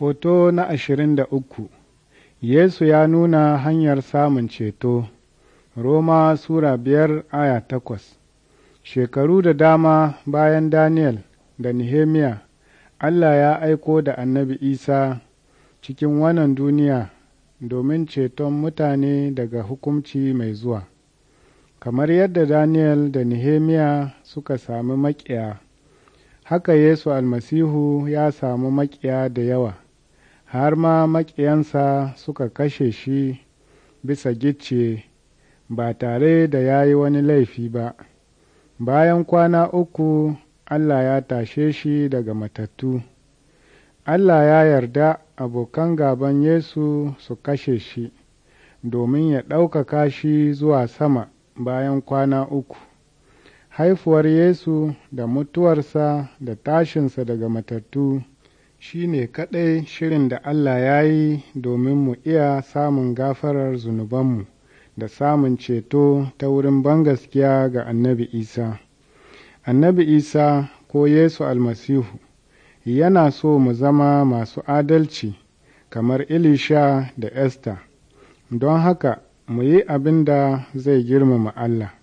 Foto na ashirin da uku Yesu ya nuna hanyar samun ceto Roma Sura biyar aya takwas Shekaru da dama bayan Daniel da Nehemiya, Allah ya aiko da annabi Isa cikin wannan duniya domin ceton mutane daga hukumci mai zuwa. Kamar yadda Daniel da Nehemiya suka sami maƙiya, haka Yesu almasihu ya samu maƙiya da yawa. har ma maƙiyansa suka kashe shi bisa gicce ba tare da ya yi wani laifi ba bayan kwana uku allah ya tashe shi daga matattu allah ya yarda abokan gaban yesu su kashe shi domin ya ɗaukaka shi zuwa sama bayan kwana uku haifuwar yesu da mutuwarsa da tashinsa daga matattu shi ne kaɗai shirin da Allah ya yi domin mu iya samun gafarar zunubanmu da samun ceto ta wurin bangaskiya ga annabi Isa. Annabi Isa ko Yesu almasihu yana so mu zama masu adalci kamar Ilisha da Esther, don haka mu yi abin da zai girmama Allah.